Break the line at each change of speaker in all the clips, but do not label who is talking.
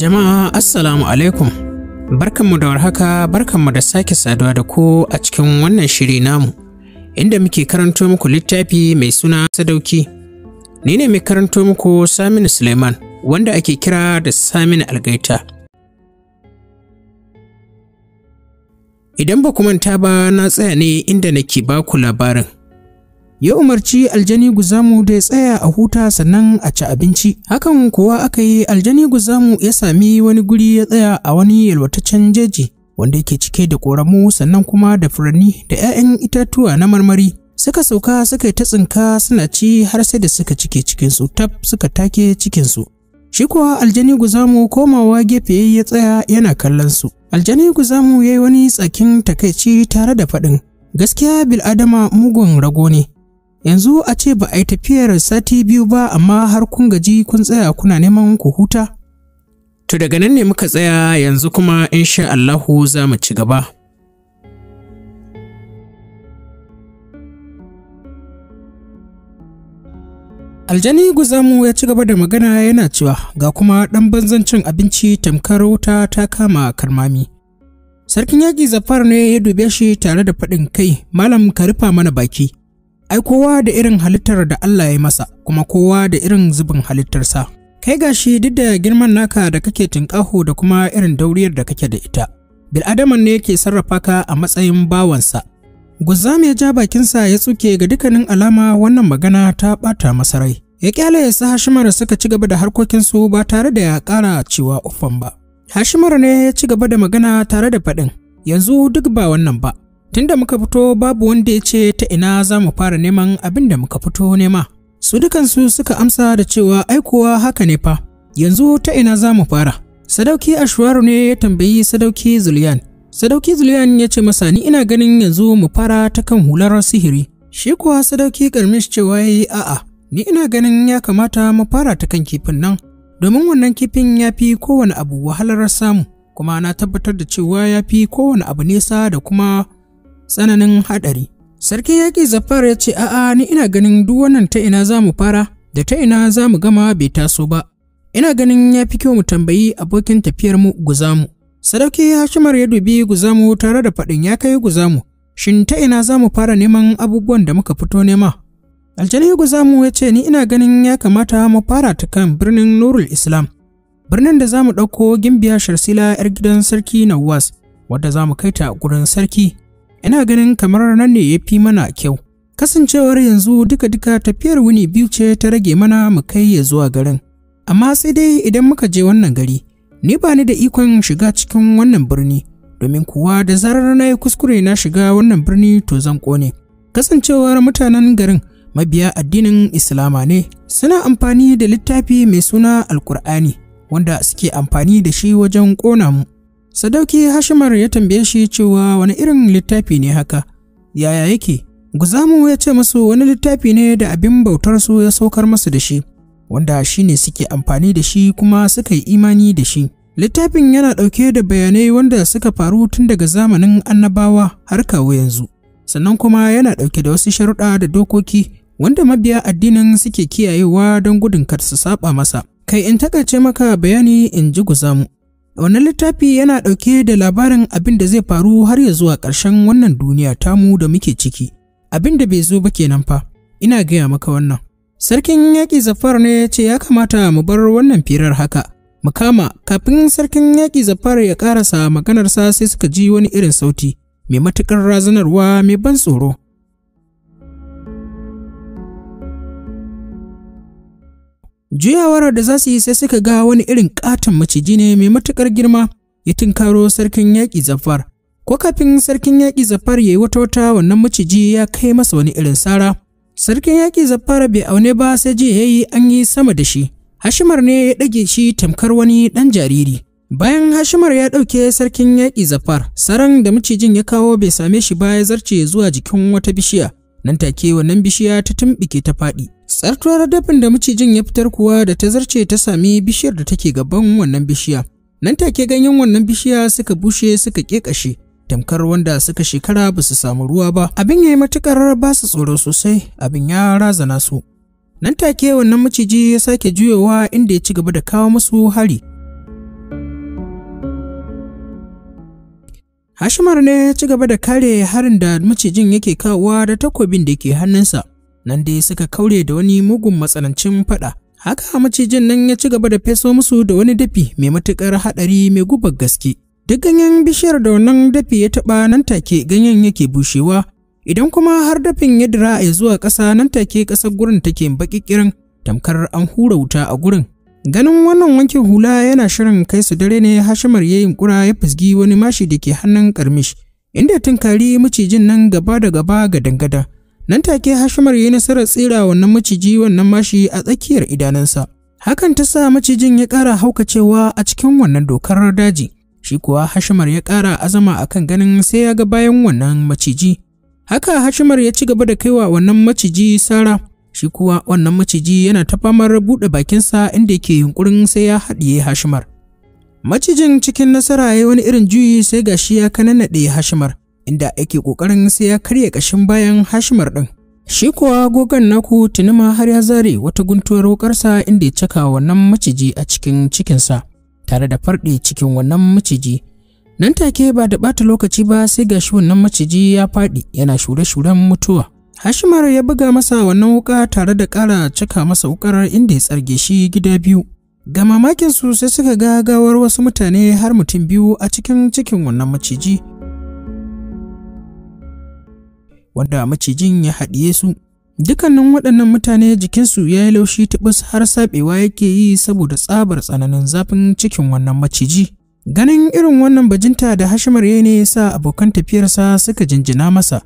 Jama'a Assalamu alaikum. Barkanmu da warhaka, barkanmu da sake saduwa da ku a cikin wannan shiri namu, inda muke karanto muku littafi mai suna Sadauki. Ni ne mai karanto muku Saminu Suleiman, wanda ake kira da Saminu Algaita. Idan ba ku manta ba na tsaya ne inda nake ba ku labarin. Ya umarci aljani guzamu da ya tsaya a huta sannan a ci abinci. Hakan kuwa aka yi aljani guzamu ya sami wani guri ya tsaya a wani yalwataccen jeji wanda yake cike da ƙoramu sannan kuma da furanni da 'ya'yan itatuwa na marmari. Suka sauka suka yi ta tsinka suna ci har sai da suka cike cikinsu tab suka take cikinsu. Shi kuwa aljani guzamu komawa gefe ya tsaya yana kallon su. aljani guzamu ya yi wani tsakin takaici tare da faɗin gaskiya bil'adama mugun rago ne yanzu a ce ba a yi tafiyar sati biyu ba amma har kun gaji kun tsaya kuna neman ku huta to daga nan ne muka tsaya yanzu kuma insha Allahu za mu ci gaba aljani guzamu ya ci gaba da magana yana cewa ga kuma ɗan banzancin abinci tamkar wuta ta kama karmami sarkin yaƙi zafar ne ya dube shi tare da faɗin kai malam ka rufa mana baki ai kowa da irin halittar da allah ya masa kuma kowa da irin zubin halittarsa kai gashi duk da girman naka da kake tinƙaho da kuma irin dauriyar da kake da ita bil'adaman ne yake sarrafa ka a matsayin bawansa Guzam ya ja bakinsa ya tsuke ga dukkanin alama wannan magana ta ɓata masarai. rai. Ya ƙyale ya sa Hashimara suka ci gaba da harkokinsu ba tare da ya ƙara cewa uffan ba. Hashimara ne ya ci gaba da magana tare da faɗin, yanzu duk ba wannan ba. Tunda muka fito babu wanda ya ce ta ina za mu fara neman abin da muka fito nema. Su dukansu suka amsa da cewa aikowa haka ne fa, yanzu ta ina za mu fara. Sadauki Ashwaru ne ya tambayi Sadauki Zuliyan, Sadauki Zuliyan ya ce masa ni ina ganin yanzu mu fara ta kan hular sihiri. Shi kuwa Sadauki Garmish cewa ya yi a'a, ni ina ganin ya kamata mu fara ta kan kifin nan, domin wannan kifin ya fi kowane abu wahalar samu, kuma na tabbatar da cewa ya fi kowane abu nesa da kuma tsananin haɗari. Sarkin yaƙi Zafar ya ce a'a ni ina ganin duk wannan ta ina za mu fara da ta ina za mu gama bai taso ba. Ina ganin ya fi kyau mu tambayi abokin tafiyar mu guzamu. Sadauki Hashimar ya dubi Guzamu tare da faɗin ya kai Guzamu, shin ta ina za mu fara neman abubuwan da muka fito nema? Aljani Guzamu ya ce ni ina ganin ya kamata mu fara ta kan birnin Nurul Islam, birnin da za mu ɗauko gimbiya Sharsila 'yar gidan Sarki Nawaz, wadda za mu kai ta gurin Sarki. Ina ganin kamar nan ne ya fi mana kyau. Kasancewar yanzu duka-duka tafiyar wuni biyu ce ta rage mana mu kai ya zuwa garin. Amma sai dai idan muka je wannan gari, Ni ba ni da ikon shiga cikin wannan birni, domin kuwa da zarar na yi kuskure na shiga wannan birni to zan kone. Kasancewar mutanen garin mabiya addinin Islama ne, suna amfani da littafi mai suna alkur'ani wanda suke amfani da shi wajen kona mu. Sadauki Hashimar ya tambaye shi cewa wani irin littafi ne haka, yaya yake? Guzamu ya ce masu wani littafi ne da abin bautarsu ya saukar masu da shi, wanda shi ne suke amfani da shi kuma suka yi imani da shi. Littafin yana ɗauke da bayanai wanda suka faru tun daga zamanin annabawa har kawo yanzu, sannan kuma yana ɗauke da wasu sharuɗa da dokoki wanda mabiya addinin suke kiyayewa don gudun kar su saba masa. Kai in takaice maka bayani in ji guzamu. Wannan littafi yana ɗauke da labarin abin da zai faru har ya zuwa ƙarshen wannan duniya tamu da muke ciki. Abin da bai zo ba kenan fa, ina gaya maka wannan. Sarkin yaƙi Zafar ne ya ce ya kamata mu bar wannan firar haka. Mu kama kafin sarkin yaƙi Zafar ya ƙarasa maganarsa sai suka ji wani irin sauti mai matuƙar razanarwa mai ban tsoro. Juyawar da za su yi sai suka ga wani irin ƙaton maciji ne mai matuƙar girma ya tunkaro sarkin yaƙi Zafar. Ko kafin sarkin yaƙi Zafar ya yi wata wata wannan maciji ya kai masa wani irin sara. sarkin yaƙi zaffara bai aune ba sai jiya ya yi an yi sama da shi hashimar ne ya ɗage shi tamkar wani ɗan jariri bayan hashimar ya ɗauke sarkin yaƙi Zafar, saran da macijin ya kawo bai same shi ba ya zarce zuwa jikin wata bishiya nan take wannan bishiya ta tumɓuke ta faɗi tsartuwar dafin da macijin ya fitar kuwa da ta zarce ta sami bishiyar da take gaban wannan bishiya nan take ganyen wannan bishiya suka bushe suka ƙeƙashe tamkar wanda suka shekara ba su samu ruwa ba abin ya yi matukar ba su tsoro sosai abin ya razana su nan take wannan maciji ya sake juyowa inda ya ci gaba da kawo musu hari Hashimar ne ya ci gaba da kare harin da macijin yake kawowa da takobin da ke hannunsa, nan dai suka kaure da wani mugun matsanancin fada. Haka macijin nan ya ci gaba da feso musu da wani dafi mai matuƙar haɗari mai gubar gaske. duk ganyen bishiyar da wannan dafi ya taɓa nan take ganyen yake bushewa idan kuma har dafin ya dira ya zuwa ƙasa nan take ƙasar gurin take baƙiƙirin tamkar an hura wuta a gurin ganin wannan wankin hula yana shirin kai su dare ne hashimar ya yinkura ya fusgi wani mashi da ke hannun karmish inda tunkari macijin nan gaba da gaba ga dangada nan take hashimar ya yi nasarar tsira wannan maciji wannan mashi a tsakiyar idanunsa hakan ta sa macijin ya kara haukacewa a cikin wannan dokar daji shi kuwa hashimar ya ƙara azama a kan ganin sai ya ga bayan wannan maciji haka hashimar ya ci gaba da kaiwa wannan maciji sara shi kuwa wannan maciji yana ta famar buɗe bakinsa inda yake yunkurin sai ya haɗiye hashimar macijin cikin nasara ya wani irin juyi sai gashi ya kananaɗe hashimar inda yake ƙoƙarin sai ya karya ƙashin bayan hashimar ɗin shi kuwa gogon naku tunima har ya zare wata guntuwar wukarsa inda ya caka wannan maciji a cikin cikinsa tare da farɗe cikin wannan maciji nan take ba da ɓata lokaci ba sai gashi wannan maciji ya faɗi yana shure-shuren mutuwa hashimar ya buga masa wannan wuka tare da ƙara cika masa wukar inda ya tsarge shi gida biyu ga mamakin su sai suka ga gawar wasu mutane har mutum biyu a cikin cikin wannan maciji wanda macijin ya haɗiye su Dukannin waɗannan mutane jikinsu ya yi laushi tubus har saɓewa yake yi saboda tsabar tsananin zafin cikin wannan maciji. Ganin irin wannan bajinta da Hashimar ya ne sa abokan tafiyarsa suka jinjina masa.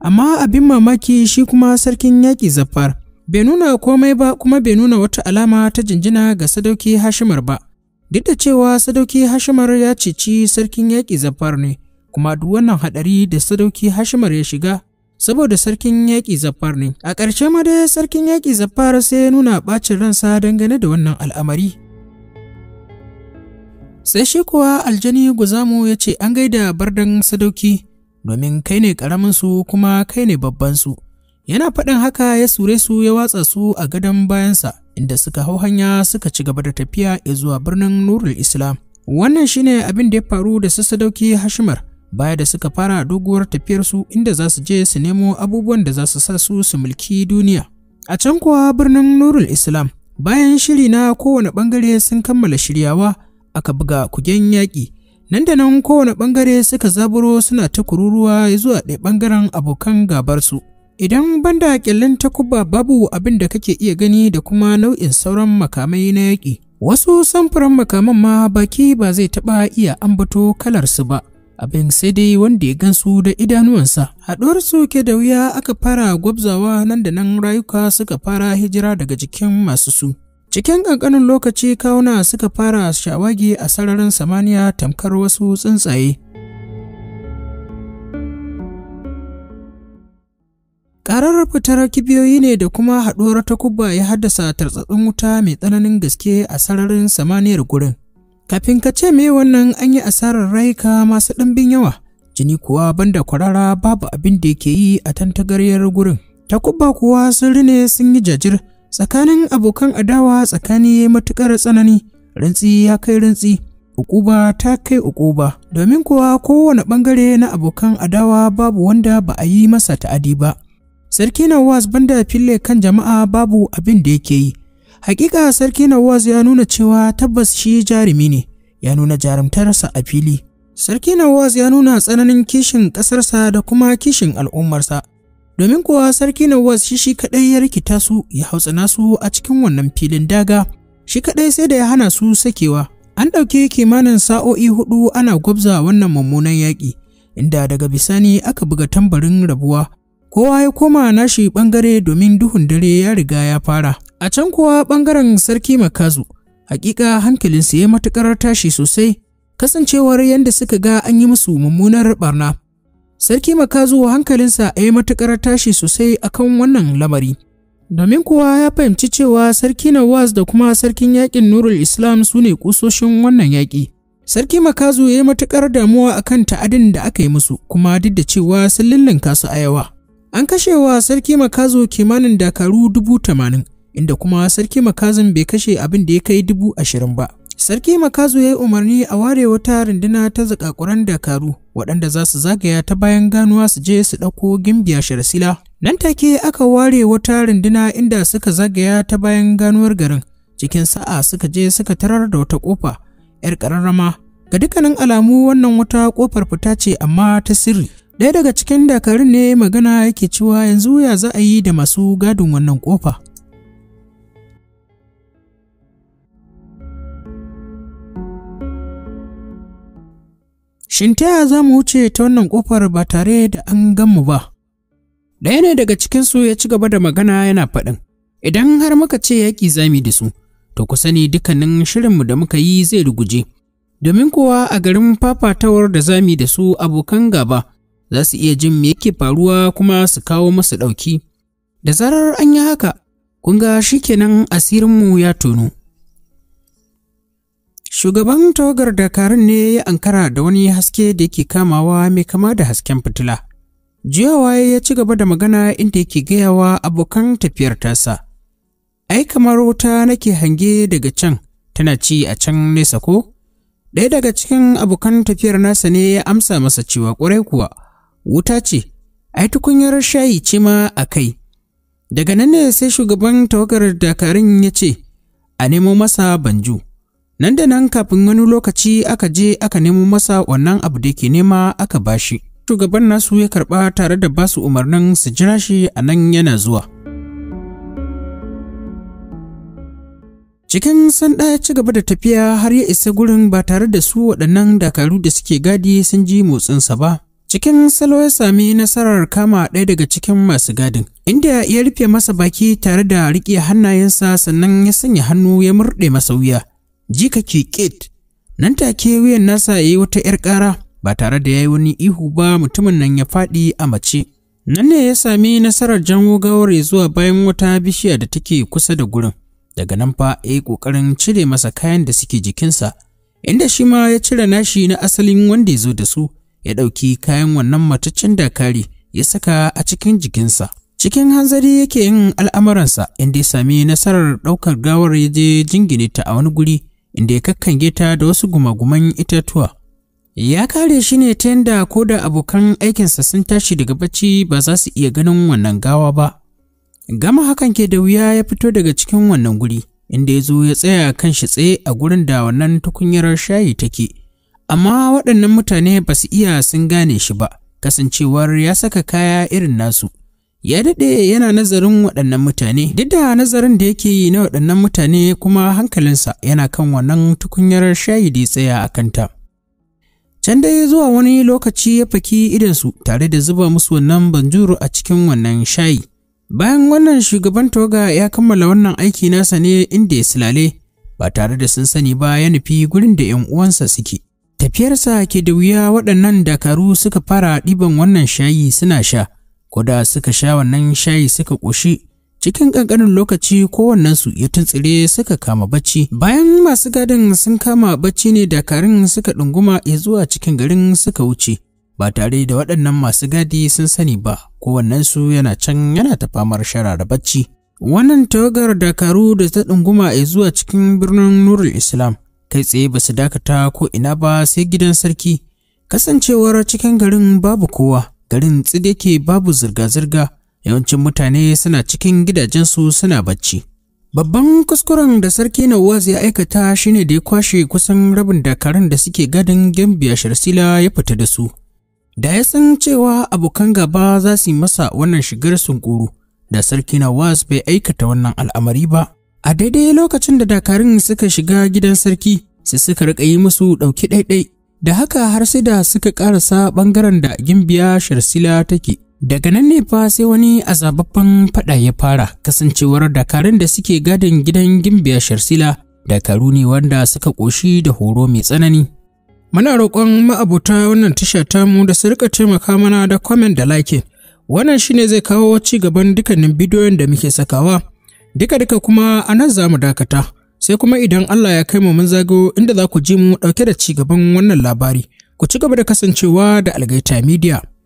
Amma abin mamaki shi kuma sarkin yaƙi zafar. Bai nuna komai ba kuma bai nuna wata alama ta jinjina ga sadauki Hashimar ba. Duk da cewa sadauki Hashimar ya ceci sarkin yaƙi zafar ne, kuma duk wannan haɗari da sadauki Hashimar ya shiga saboda sarkin yaƙi zafar ne a ƙarshe ma dai sarkin yaƙi zafar sai ya nuna ɓacin ransa dangane da wannan al'amari sai shi kuwa aljani guzamu ya ce an gaida bardan sadauki domin kai ne ƙaraminsu kuma kai ne babbansu yana faɗin haka ya sure su ya watsa su a gadon bayansa inda suka hau hanya suka ci gaba da tafiya zuwa birnin nurul islam wannan shine abin da ya faru da sassadauki hashimar baya da suka fara doguwar tafiyarsu inda za su je su nemo abubuwan da za su sa su su mulki duniya. A can kuwa birnin Nurul Islam, bayan shiri na kowane ɓangare sun kammala shiryawa aka buga kugen yaƙi. Nan da nan kowane ɓangare suka zaburo suna ta kururuwa zuwa ɗaya ɓangaren abokan gabarsu. Idan banda ƙyallin takuba babu abin da kake iya gani da kuma nau'in sauran makamai na yaƙi. Wasu samfuran makaman ma baki ba zai taɓa iya ambato kalarsu ba. abin sai dai wanda ya gansu da idanuwansa haɗuwar su ke da wuya aka fara gwabzawa nan da nan rayuka suka fara hijira daga jikin masu su cikin ƙanƙanin lokaci kawuna suka fara shawagi a sararin samaniya tamkar wasu tsuntsaye Ƙarar fitar kibiyoyi ne da kuma haɗuwar takuba ya haddasa tartsatsin wuta mai tsananin gaske a sararin samaniyar gurin. Kafin ka ce me wannan an yi asarar rayuka masu ɗimbin yawa, jini kuwa banda kwarara babu abin da yake yi a tantagaryar gurin. Takubba kuwa sun rine sun yi jajir, tsakanin abokan adawa tsakani ya matuƙar tsanani, rintsi ya kai rintsi, ukuba ta kai ukuba, domin kuwa kowane ɓangare na abokan adawa babu wanda ba a yi masa ta'adi ba. Sarki Nawaz banda fille kan jama'a babu abin da yake yi, Hakika Sarki Nawaz ya nuna cewa tabbas shi jarumi ne, ya nuna jarumtarsa a fili. Sarki Nawaz ya nuna tsananin kishin ƙasarsa da kuma kishin al'ummarsa. Domin kuwa Sarki Nawaz shi shi kaɗai ya rikita su ya hautsana su a cikin wannan filin daga. Shi kaɗai sai da ya hana su sakewa. An ɗauki kimanin sa'o'i huɗu ana gwabza wannan mummunan yaƙi, inda daga bisani aka buga tambarin rabuwa. Kowa ya koma nashi ɓangare domin duhun dare ya riga ya fara. A can kuwa ɓangaren Sarki Makazu, hakika hankalinsu ya matuƙar tashi sosai, kasancewar yadda suka ga an yi musu mummunar barna. Sarki Makazu hankalinsa ya yi matuƙar tashi sosai akan wannan lamari. Domin kuwa ya fahimci cewa Sarki Nawaz da kuma Sarkin Yaƙin Nurul Islam su ne ƙusoshin wannan yaƙi. Sarki Makazu ya yi matuƙar damuwa akan ta'adin da aka yi musu, kuma duk da cewa sun lullunka su a yawa. An kashewa Sarki Makazu kimanin dakaru dubu tamanin, inda kuma sarki makazin bai kashe abin da ya kai dubu ashirin ba sarki makazu ya yi umarni a ware wata runduna ta zakakuran dakaru waɗanda za su zagaya ta bayan ganuwa su je su ɗauko gimbiya sharsila nan take aka ware wata runduna inda suka zagaya ta bayan ganuwar garin cikin sa'a suka je suka tarar da wata ƙofa 'yar ƙararrama ga dukkanin alamu wannan wata ƙofar fita ce amma ta sirri Daya daga cikin dakarun ne magana yake cewa yanzu ya za a yi da masu gadin wannan ƙofa Shin ta yaya za mu wuce ta wannan ƙofar ba tare da an gan mu ba? Ɗaya ne daga cikinsu ya ci gaba da magana yana faɗin, idan har muka ce yaƙi zami da su, to ku sani dukkanin mu da muka yi zai ruguje. Domin kuwa a garin fafatawar da zami da su abokan gaba za su iya jin me yake faruwa kuma su kawo masu ɗauki. Da zarar an yi haka, kun ga shikenan asirinmu ya tono. Shugaban tawagar Dakarun ne ya ankara da wani haske da yake kamawa mai kama da hasken fitila. Jiyawa ya ci gaba da magana inda yake gayawa abokan tafiyar tasa. Ai kamar wuta nake hange daga can, tana ci a can nesa ko? Ɗaya daga cikin abokan tafiyar nasa ne ya amsa masa cewa ƙwarai kuwa, wuta ce, ai tukunyar shayi ce ma a kai. Daga nan ne sai shugaban tawagar Dakarun ya ce, a nemo masa banjo. nan da nan kafin wani lokaci aka je aka nemo masa wannan abu da ke nema aka bashi shugaban nasu ya karɓa tare da basu umarnin su jira shi a nan yana zuwa cikin sanda ya ci gaba da tafiya har ya isa gurin ba tare da su waɗannan dakaru da suke gadi sun ji motsinsa ba cikin salo ya sami nasarar kama ɗaya daga cikin masu gadin inda ya rufe masa baki tare da riƙe hannayensa sannan ya sanya hannu ya murɗe masa wuya ji ka kiƙet nan take wuyan nasa ya yi wata 'yar ƙara ba tare da ya yi wani ihu ba mutumin nan ya faɗi a mace nan ne ya sami nasarar janwo gawar zuwa bayan wata bishiya da take kusa da gurin daga nan fa ya yi ƙoƙarin cire masa kayan da suke jikinsa inda shi ma ya cire nashi na asalin wanda ya zo da su ya ɗauki kayan wannan mataccen dakari ya saka a cikin jikinsa cikin hanzari yake yin al'amuransa inda ya sami nasarar ɗaukar gawar ya je jingine ta a wani guri inda ya kakkange ta da wasu gumaguman itatuwa. Ya kare shi ne ta yadda ko da abokan aikinsa sun tashi daga bacci ba za su iya ganin wannan gawa ba. Gama hakan ke da wuya ya fito daga cikin wannan guri, inda ya zo ya tsaya kan shi tsaye a gurin da wannan tukunyar shayi take. Amma waɗannan mutane ba su iya sun gane shi ba, kasancewar ya saka kaya irin nasu. ya daɗe yana nazarin waɗannan mutane duk da nazarin da yake yi na waɗannan mutane kuma hankalinsa yana kan wannan tukunyar shayi da tsaya a kanta can dai zuwa wani lokaci ya faki idansu tare da zuba musu wannan banjuru a cikin wannan shayi bayan wannan shugaban toga ya kammala wannan aiki nasa ne inda ya silale ba tare da sun sani ba ya nufi gurin da 'yan uwansa suke tafiyarsa ke da wuya waɗannan dakaru suka fara ɗiban wannan shayi suna sha Kuda suka sha wannan shayi suka ƙoshi cikin ƙanƙanin lokaci kowannensu ya tuntsire suka kama bacci bayan masu gadin sun kama bacci ne dakarun suka ɗunguma ya zuwa cikin garin suka wuce ba tare da waɗannan masu gadi sun sani ba kowannensu yana can yana ta famar sharara bacci wannan tawagar dakaru da ta ɗunguma ya zuwa cikin birnin nurul islam kai tsaye ba su dakata ko ina ba sai gidan sarki kasancewar cikin garin babu kowa garin tsid yake babu zirga-zirga yawancin mutane suna cikin gidajensu suna bacci babban kuskuren da sarki na uwa ya aikata shine da ya kwashe kusan rabin dakarun da suke gadin gambiya sharsila ya fita da su da ya san cewa abokan gaba za su yi masa wannan shigar sunkuru da sarki na nawaz bai aikata wannan al'amari ba a daidai lokacin da dakarun suka shiga gidan sarki sai suka riƙa yi musu ɗauki ɗaiɗai da haka har sai da suka karasa ɓangaren da gimbiya sharsila take daga nan ne fa sai wani azababban fada ya fara kasancewar dakarun da suke gadin gidan gimbiya sharsila da ne wanda suka ƙoshi da horo mai tsanani muna roƙon ma'abuta wannan tasha tamu da su rika taimaka mana da comment da like wannan shine zai kawo ci gaban dukkanin bidiyon da muke sakawa duka-duka kuma a nan za mu dakata sai kuma idan Allah ya kai mu mun zago inda za ku ji mu ɗauke da ci gaban wannan labari. Ku ci gaba da kasancewa da Algaita Media.